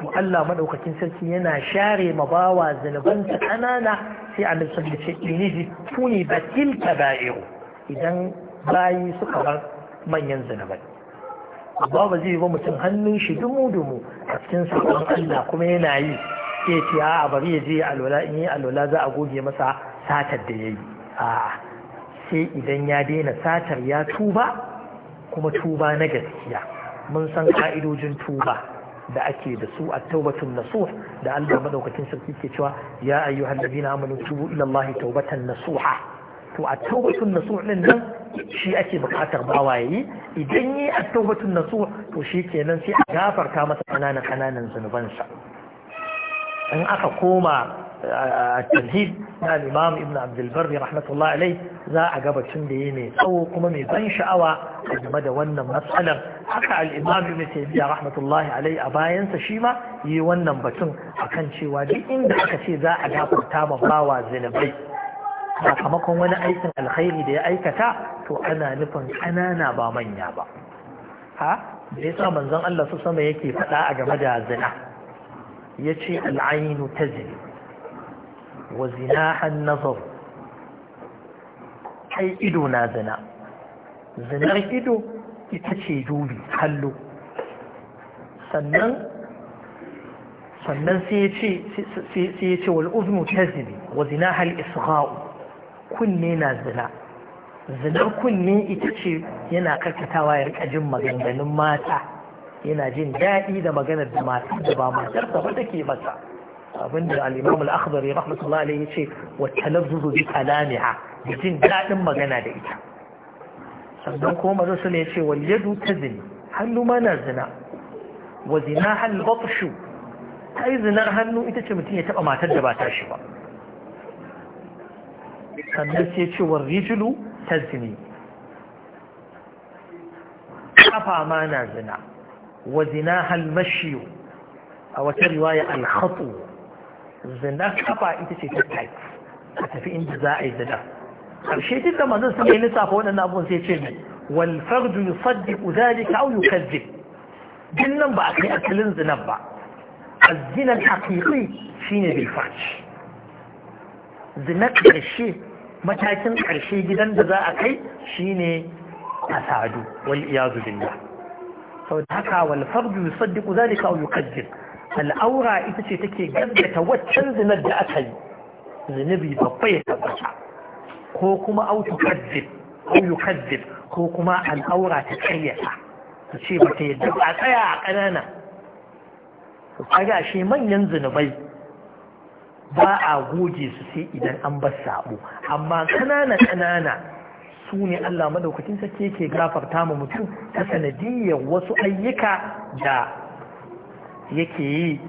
to Allah madaukakin sarki yana share ma mabawa zanubansa ƙanana sai a lissar da ce iniji tuni batil kaba'iru idan bayi suka bar manyan zanubai amma ba zai ba mutum hannun shi dumu dumu a cikin sabon Allah kuma yana yi Ke ce a bari ya je alwala in yi alwala za a goge masa satar da yayi a sai idan ya daina satar ya tuba kuma tuba na gaskiya mun san ka'idojin tuba da ake da su a taubatun nasuh da Allah madaukakin sarki ke cewa ya ayyuhal ladina amanu tubu ila Allah tawbatan nasuha to a taubatun nasu ɗin nan shi ake bukatar bawa yi idan yi a taubatun nasu to shi kenan sai a gafarta masa ƙananan ƙananan zunubansa in aka koma eh, a tanhid na imam ibn abdulbar rahmatullah alai za a gabacin da ya mai tsawo kuma mai ban sha'awa a game da wannan matsalar haka al'imam ibn taymiya rahmatullahi alai a bayansa shi ma yi wannan batun akan cewa duk inda aka ce za a gafarta ma bawa zinubai sakamakon wani aikin alkhairi da ya aikata to ana nufin ƙanana ba manya ba ha da yasa manzon Allah su sama yake faɗa a game da zina Ya yace al'ainu tajri wa zinahan nazar kai ido na zina zinar ido ita ce dubi kallo sannan sannan sai ya ce wal ta tajri wa zinahal isra'u kunne na zina zinar kunne ita ce yana karkatawa ya rika jin maganganun mata yana jin daɗi da maganar da mata da ba matarsa ba take masa abin da al-imam al-akhdari rahmatullah alayhi yace wa talazzuzu bi kalamiha jin daɗin magana da ita sannan kuma manzo ya yace wal yadu tazni hannu ma na zina wa zina hal batshu ai zinar hannu ita ce mutum ya taba matar da ba ta shi ba ا ل ن س ي ة والرجل تزني عفا ما نازنا وزناها المشي أ و ت ر و ا ي ة الخطو زناك عفا انت شي تتعب في ان زائد زنا الشيء جدا ما نزل ان تافون ان ابو زيد شيء والفرد يصدق ذلك أ يكذب جنن بعد ياكل زنبع الزنا الحقيقي فيني بالفرش zina ƙarshe matakin ƙarshe gidan da za a kai shine asadu wal iyazu billah sau da haka wal fardu yusaddiqu zalika aw yukadzib al'aura ita ce take gaggata waccan zinar da aka yi Zinabi, babba ya tabbata ko kuma au tukadzib au ko kuma al'aura ta kayyata ta ce ba ta yadda a tsaya a ƙanana su kaga shi manyan zunubai ba a goge su sai idan an bar sabo amma kanana kanana su ne Allah madaukakin sarki yake gafarta ma mutum ta sanadiyar wasu ayyuka da yake yi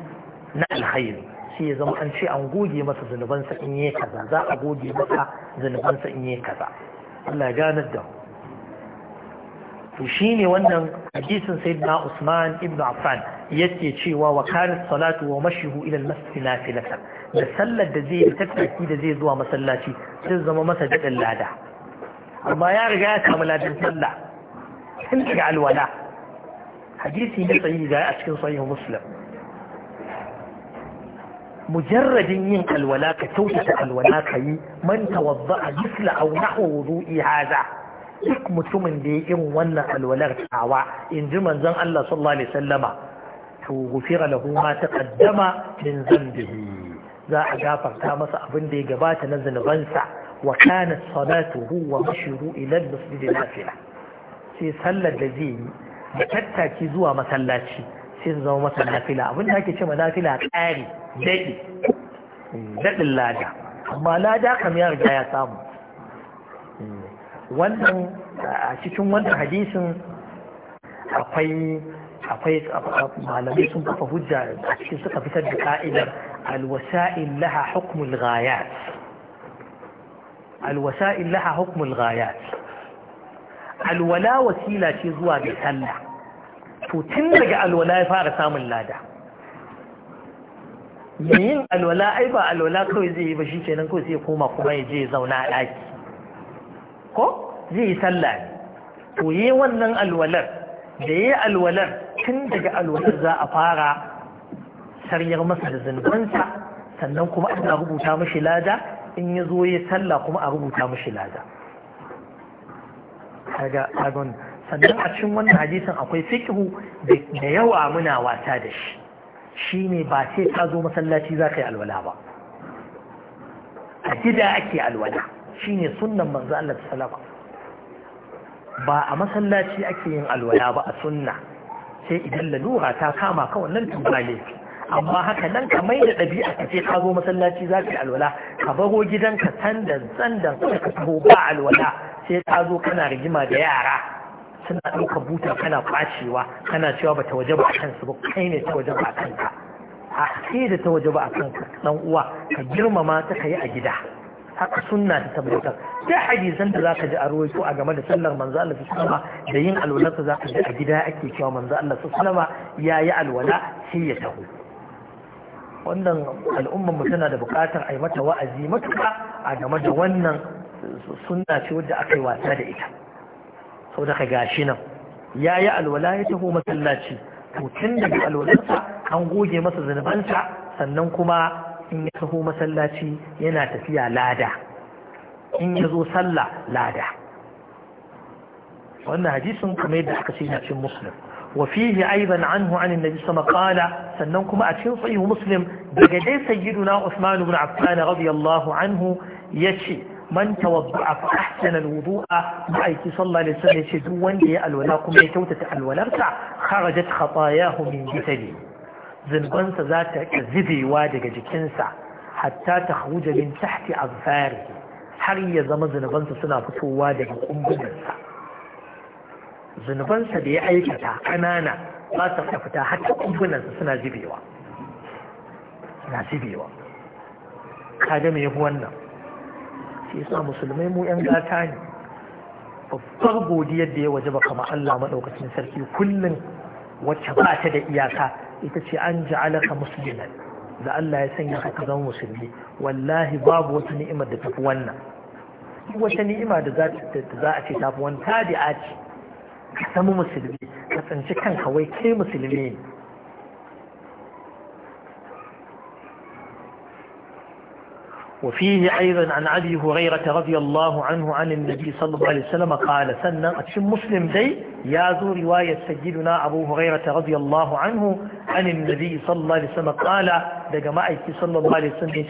na alhairi shi ya zama an ce an goge masa sa in yi kaza za a goge masa sa in yi kaza Allah ya ganar da to shine wannan hadisin sayyidina Usman ibn Affan yake cewa wa kanat salatu wa mashihu ila al-masjid nafilatan da sallar da zai tattaki da zai zuwa masallaci sai zama masa dadin lada amma ya riga ya kama ladan sallah tun daga alwala hadisi ne sahihi ga a cikin sahih muslim mujarradin yin alwala ka kyautata alwala ka yi man tawadda'a misla aw nahwa wudu'i hadha duk mutumin da ya irin wannan alwalar tawa in ji manzon Allah sallallahu alaihi wasallama to gufira ta ma taqaddama min zambihi za a gafarta masa abin da ya gabata na zunubansa wa kana wa mashiru ila al nafila sai sallar da zai yi da tattaki zuwa masallaci sai zama masa nafila abin da ake cewa nafila ƙari daɗi daɗin lada amma lada kam ya riga ya samu wannan a cikin wannan hadisin akwai akwai malamai sun kafa hujja a cikin suka fitar da ka'idar alwasa'il laha hukmul ghayat alwasa'il laha hukmul ghayat alwala wasila ce zuwa ga sallah to tun daga alwala ya fara samun lada yin alwala ai ba alwala kawai zai yi ba shi kenan kawai sai koma kuma ya je zauna a ɗaki ko zai yi sallah to yi wannan alwalar da yi alwalar tun daga alwalar za a fara sariyar masa da zunubansa sannan kuma ana rubuta mashi lada in ya zo ya sallah kuma a rubuta mashi lada sannan a cikin wannan hadisin akwai fikihu da yawa muna wata da shi shine ba sai ka zo masallaci za ka yi alwala ba a gida ake alwala shine sunnan manzo Allah sallallahu ba a masallaci ake yin alwala ba a sunna sai idan lalura ta kama ka wannan tumba amma haka nan ka mai da ɗabi'a ka ce ka zo masallaci za ka yi alwala ka baro gidanka da sandan ka taho ba alwala sai ka zo kana rigima da yara suna ɗaukar buta kana kwacewa kana cewa ba ta waje ba a kansu ba kai ne ta waje ba a kanka a sai da ta waje ba a kanka ɗan uwa ka girmama ta ka yi a gida haka sunna ta tabbatar sai hadisan da zaka ji a ruwaito a game da sallar manzo Allah sallama da yin alwalarsa zaka ji a gida ake cewa manzo Allah sallama yayi alwala sai ya taho wannan al'ummar mu tana da bukatar a yi mata wa'azi matuka a game da wannan sunna ce wadda aka yi wasa da ita sau da ka gashi nan ya yi alwala ya taho masallaci to tun daga alwalarsa an goge masa zunubansa sannan kuma in ya taho masallaci yana tafiya lada in ya zo sallah lada wannan hadisin kamar yadda aka ce na cin muslim وفيه أيضا عنه عن النبي صلى الله عليه وسلم قال سننكم أتين صحيح مسلم بجدي سيدنا عثمان بن عفان رضي الله عنه يشي من توضع فأحسن الوضوء معيك صلى الله عليه وسلم يشدون لي الولاكم يكوتة الولرسع خرجت خطاياه من جسدي zunubansa za ta zibewa daga jikinsa hatta ta hauja min tahti azfari har ya zama zunubansa suna fitowa daga ƙungunansa. zunubansa da ya aikata ƙanana ba su fita hatta ƙungunansa suna zubewa na zubewa kaga me yi wannan shi yasa musulmai mu yan gata ne babbar godiyar da ya waje ba kama Allah maɗaukacin sarki kullum wacce ba ta da iyaka ita ce an alaka musulman da Allah ya sanya ka zama musulmi wallahi babu wata ni'imar da tafi wannan wata ni'ima da za a ce tafi wani a ce ka samu musulmi ka tsanci kanka wai kai musulmi ne وفيه أيضا عن أبي هريرة رضي الله عنه عن النبي صلى الله عليه وسلم قال سنة أتشم مسلم دي يازو رواية سيدنا أبو هريرة رضي الله عنه عن النبي صلى الله عليه وسلم قال لجماعة صلى الله عليه وسلم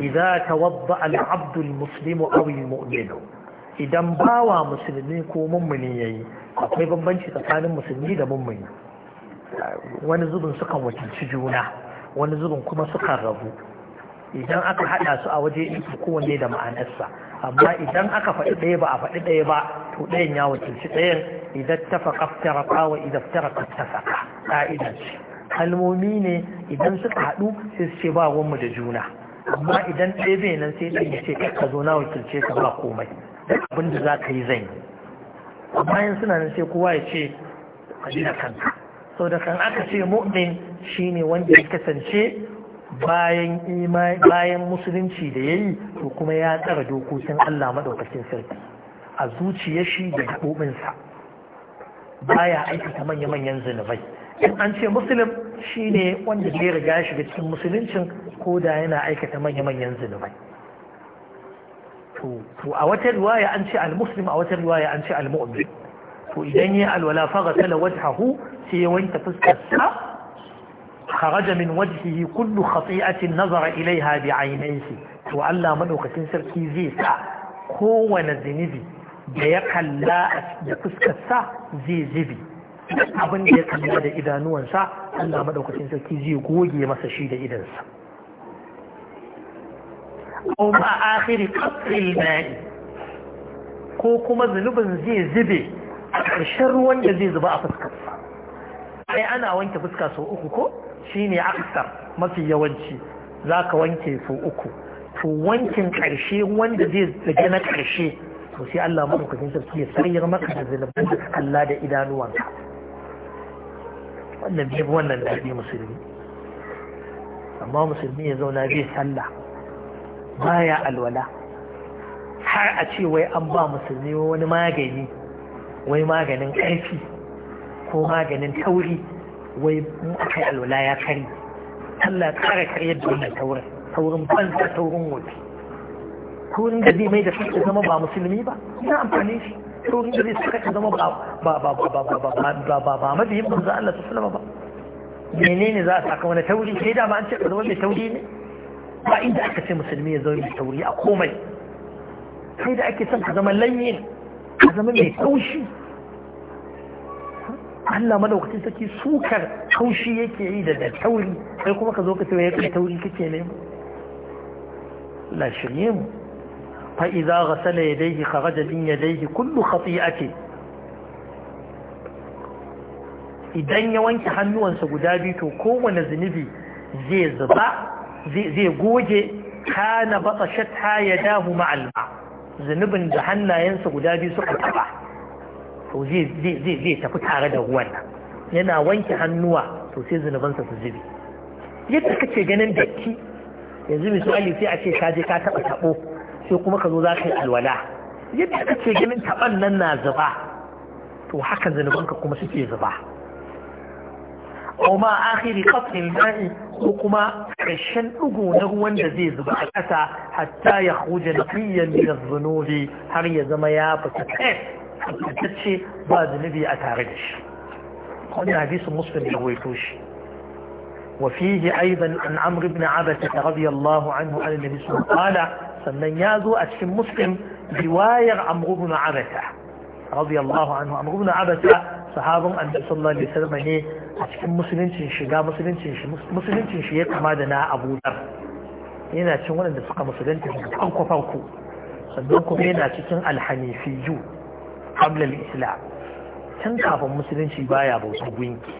إذا توضأ العبد المسلم أو المؤمن إذا باوى مسلمين كو ممني أقوي بمبنشي تقال مسلمين دا ممني ونزبن سكا وتنشجونا ونزبن كما سكا ربو idan aka haɗa su a waje kowanne da ma'anarsa amma idan aka faɗi ɗaya ba a faɗi ɗaya ba to ɗayan ya wakilci ɗayan idan tafa kaftara kawa idan ta kaftasa ƙa'ida ce kalmomi ne idan suka haɗu sai su ce ba wanmu da juna amma idan ɗaya bai nan sai ɗaya ce ka zo na wakilce ka ba komai duk abin da za ka yi zan yi amma yin suna nan sai kowa ya ce ka ji da kanka sau da kan aka ce mu'min shine wanda ya kasance bayan bayan musulunci da yayi to kuma ya tsara dokokin Allah madaukakin sarki a zuciyar shi da ba baya aikata manya-manyan zunubai in an ce musulun shine wanda ya riga shi ga cikin musuluncin ko da yana aikata manya-manyan zunubai to a wata riwaya an ce al-muslim a wata riwaya an ce al-mu'min to idan ya alwala faga tala wajhahu sai ya wanke fuskar sa kharaja min wajhihi kullu khati'atin nazara ilaiha bi ainihi to Allah madaukakin sarki zai sa kowane zinubi da ya da fuskarsa zai zubi abin da ya kalla da idanuwansa Allah madaukakin sarki zai goge masa shi da idansa ko kuma zunubin zai zube a ƙarshen ruwan da zai zuba a fuskarsa Sai ana wanke fuska sau uku ko Shi ne aksar mafi yawanci za ka wanke su uku to wankin ƙarshe wanda zai zage na ƙarshe to sai Allah maɗaukakin sarki ya sayar maka da zinabin da kalla da idanuwanka wannan bai wannan daɗi musulmi amma musulmi ya zauna bai sallah baya alwala har a ce wai an ba musulmi wani magani wai maganin ƙarfi ko maganin tauri wai mu aka yi alwala ya kari Allah kare karyar da wannan taurin taurin ta taurin waje. taurin da zai mai da suka zama ba musulmi ba ina amfani shi taurin da zai suka zama ba ba ba ba ba ba ba ba ba mabiyin manzo Allah ta sallama ba menene za a saka wani tauri sai da ba an ce ka zama mai tauri ne ba inda aka ce musulmi ya zama mai tauri a komai sai da ake son ka zama lanyin ka zama mai taushi Allah madaukakin saki sukar taushi yake yi da tauri sai kuma ka zo ka tsaye kai tauri kake ne? la shirye fa idza ghasala yadayhi kharaja min yadayhi kullu khati'ati idan ya wanke hannuwansa guda biyu to kowane zunubi zai zuba zai goge kana batashat shatta ya ma'al ma zunubin da hannayensa guda biyu suka taba to zai tafi tare da ruwan nan yana wanke hannuwa to sai zunubansa su zubi yadda kace ganin datti yanzu misali sai a ce ka je ka taba tabo sai kuma ka zo za ka yi alwala yadda kace ganin taban nan na zuba to haka zunubanka kuma suke zuba kuma akhiri qatl ma'i ko kuma ƙarshen ɗigo na ruwan da zai zuba a ƙasa hatta ya huja nafiyan min az-zunubi har ya zama ya fita tsaftatacce ba zunubi a tare da shi wani hadisin muslim ya waito shi وفيه أيضا عن عمرو بن عبسة رضي الله عنه عن النبي صلى الله عليه وسلم قال sannan ya zo a cikin muslim riwayar amru ibn abata radiyallahu anhu amru ibn abata sahabin annabi sallallahu alaihi wasallam ne a cikin musuluncin shiga musuluncin shi musuluncin shi ya kama da na Abu Dar yana cikin waɗanda suka musulunta farko farko sannan kuma yana cikin alhanifiyu qabla al-islam can kafin musulunci baya bauta gunki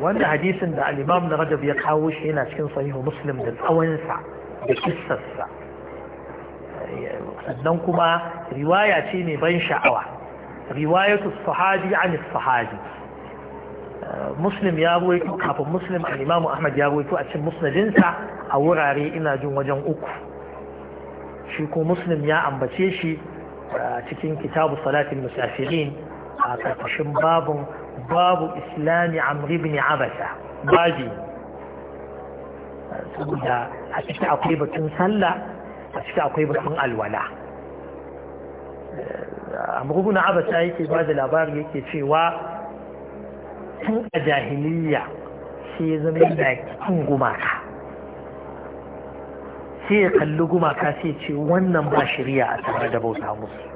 wanda hadisin da al na rajab ya kawo shi yana cikin sahihu muslim da tsawonsa da kissarsa sannan kuma riwaya ce mai ban sha'awa riwayatu sahabi an sahabi kafin muslim al ahmad ya ruwaito a cin musnadinsa a wurare ina jin wajen uku shi ko muslim ya ambace shi cikin kitabu salatin musafirin a ƙarƙashin babun babu islami amri bin abasa babi saboda a cikin akwai batun sallah a cikin akwai batun alwala amri bin abasa yake ba da labari yake cewa tun a jahiliya sai ya zama yana kin gumaka sai ya kalli gumaka sai ce wannan ba shirya a tare da bauta musu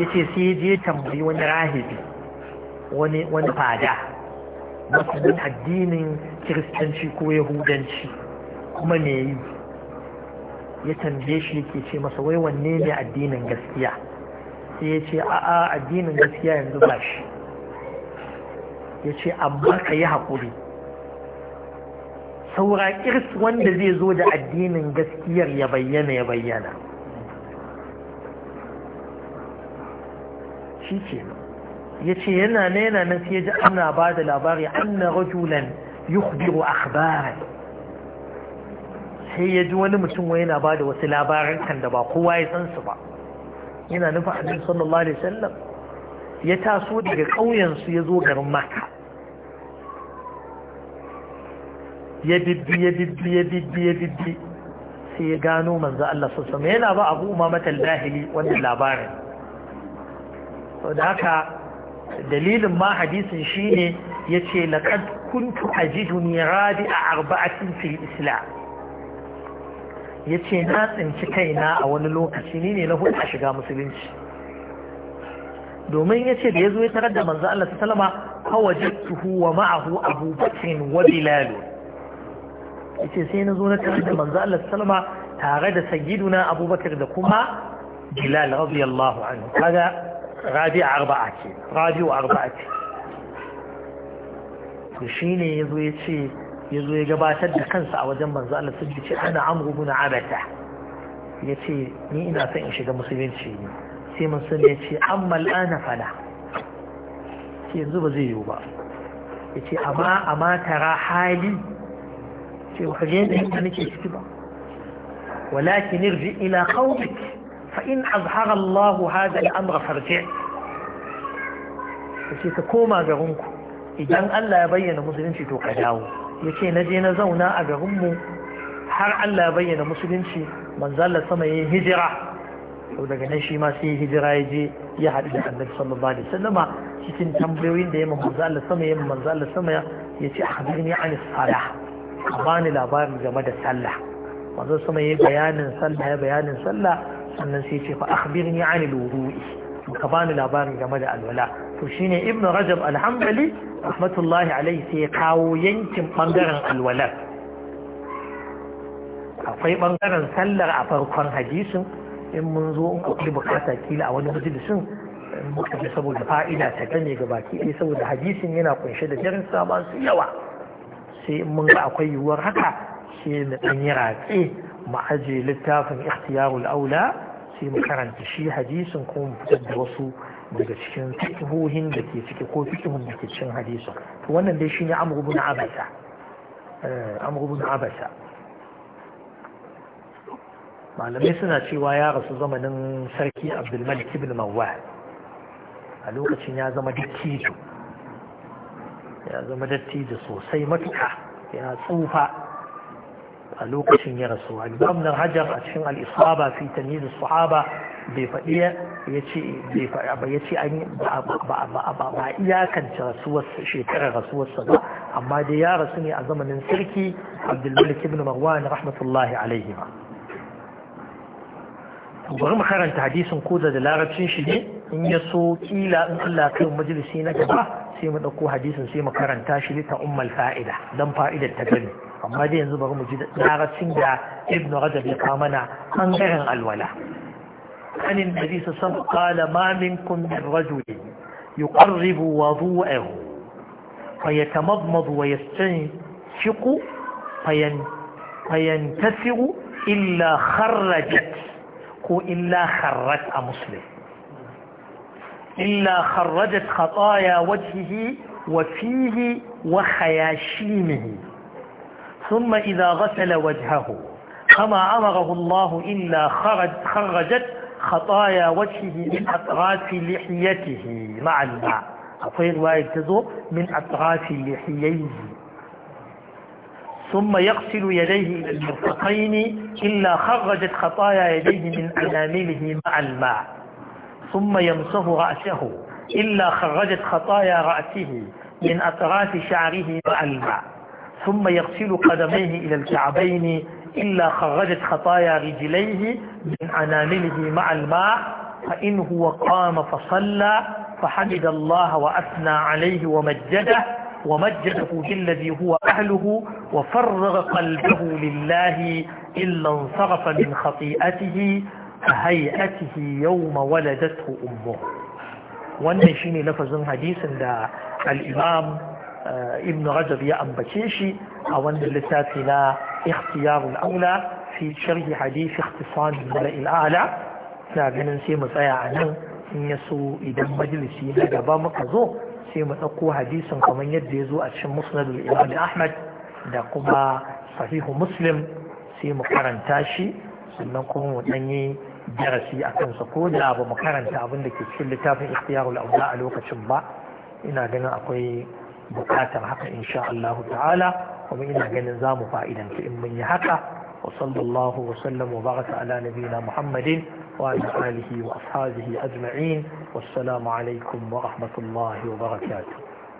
ya ce sai ya je tambayi wani rahibi wani fada masanin addinin kiristanci ko yahudanci kuma me yi ya tambaye shi yake ce masa wai wanne ne addinin gaskiya sai ya ce a'a addinin gaskiya yanzu ba shi ya ce amma ka yi haƙuri saura irs wanda zai zo da addinin gaskiyar ya bayyana ya bayyana shi ce ya ce yana na yana nan sai ji ana ba da labari anna rajulan yukhbiru akhbaran sai ya ji wani mutum wai yana ba da wasu labarin kan da ba kowa ya san su ba yana nufa annabi sallallahu alaihi wasallam ya taso daga ƙauyensu ya zo garin maka ya diddi ya diddi ya diddi ya diddi sai ya gano manzo Allah sosai yana ba abu umamata dahili wanda labarin da haka dalilin ma hadisin shine yace laqad kuntu ajiduni radi a arba'atin fil yace na tsinci kaina a wani lokaci ni ne na hudu a shiga musulunci domin yace da ya zo ya tarar da manzo Allah sallama fawajadtuhu wa ma'ahu Abu Bakr wa Bilal yace sai na zo na tare da manzo Allah sallama tare da sayyiduna Abubakar da kuma Bilal radiyallahu anhu kaga rabi'a arba'a ce rabi'u arba'a ce to shine yazo yace yazo ya gabatar da kansa a wajen manzo Allah sun ce ana amru ibn abata yace ni ina son in shiga musulunci ne sai manzo ya ce amma al'ana fala yanzu ba zai yiwu ba yace amma amma tara hali ce ba kaje yadda yadda nake ciki ba walakin irji ila qawmik fa in azhara Allah hada al-amra farji sai ka koma garinku idan Allah ya bayyana musulunci to ka dawo yace na je na zauna a garin mu har Allah ya bayyana musulunci manzo Allah sama yayin hijira sau daga nan shi ma sai ya hijira ya je ya haɗu da annabi sallallahu alaihi wasallam cikin tambayoyin da ya manzo Allah sama ya manzo Allah sama ya ce akhbirni an as-salah a bani labarin game da sallah manzo sama ya bayanin sallah ya bayanin sallah sannan sai ce fa akhbirni ani al ka bani labarin game da alwala to shine ibnu rajab al rahmatullahi alayhi sai ya kawo yankin bangaren alwala akwai bangaren sallar a farkon hadisin in mun zo in akwai bukata kila a wani majalisin muka saboda fa'ida ta gane ga baki ɗaya saboda hadisin yana kunshe da jarin ba su yawa sai in mun ga akwai yiwuwar haka sai mu ɗan yi ratse mu aje littafin ikhtiyarul aula sai mu karanta shi hadisin ko mu fitar da wasu daga cikin fikihohin da ke ciki ko fikihun da ke cikin hadisin to wannan dai shine amru bin abasa eh, amru bin abasa malamai suna cewa ya rasu zamanin sarki abdulmalik ibn mawwa a lokacin ya zama dattijo ya zama dattijo sosai matuka ya tsufa a lokacin ya rasu a imam nan hajar a cikin al-isaba fi tamyiz sahaba bai faɗi ya ce ba iyakance rasuwar shekarar rasuwarsa ba amma dai ya rasu ne a zamanin sarki abdulmalik ibn marwan rahmatullahi alaihi ba bari mu karanta hadisin koda da larabcin shi ne in ya so kila in Allah kai majalisi na gaba sai mu dauko hadisin sai mu karanta shi ta ummul fa'ida dan fa'idar ta gani amma dai yanzu bari mu ji daracin da ibnu rajab ya kawo mana garin alwala عن النبي صلى الله عليه وسلم قال ما منكم من رجل يقرب وضوءه فيتمضمض ويستنشق فين فينتفغ illa kharrajat ko illa kharrat a muslim إلا خرجت خطايا وجهه وفيه وخياشيمه ثم إذا غسل وجهه كما أمره الله إلا خرج خرجت خطايا وجهه من أطراف لحيته مع الماء أقول رواية تزور من أطراف لحييه ثم يغسل يديه إلى المرفقين إلا خرجت خطايا يديه من أنامله مع الماء ثم يمسه رأسه إلا خرجت خطايا رأسه من أطراف شعره مع الماء ثم يغسل قدميه إلى الكعبين إلا خرجت خطايا رجليه من أنامله مع الماء فإن هو قام فصلى فحمد الله وأثنى عليه ومجده ومجده بالذي هو أهله وفرغ قلبه لله إلا انصرف من خطيئته كهيئته يوم ولدته أمه wannan shine lafazin hadisin da al-imam ibn rajab ya ambace shi a wannan littafi na ikhtiyar aula fi sharhi hadith ikhtisan al-mala'i al ganin sai mu tsaya a nan in ya so idan majalisi na gaba muka zo sai mu ɗauko hadisin kamar yadda ya zo a cikin musnad al ahmad da kuma sahihu muslim sai mu karanta shi sannan kuma mu ɗanyi darasi a kansa ko da ba mu karanta abin da ke cikin littafin ikhtiyarul aula a lokacin ba ina ganin akwai bukatar haka insha Allah ta'ala kuma ina ganin za mu fa'idanta in mun yi haka wa sallallahu wa sallam wa baraka ala nabiyina Muhammadin wa ala alihi wa ashabihi ajma'in wassalamu alaikum wa rahmatullahi wa barakatuh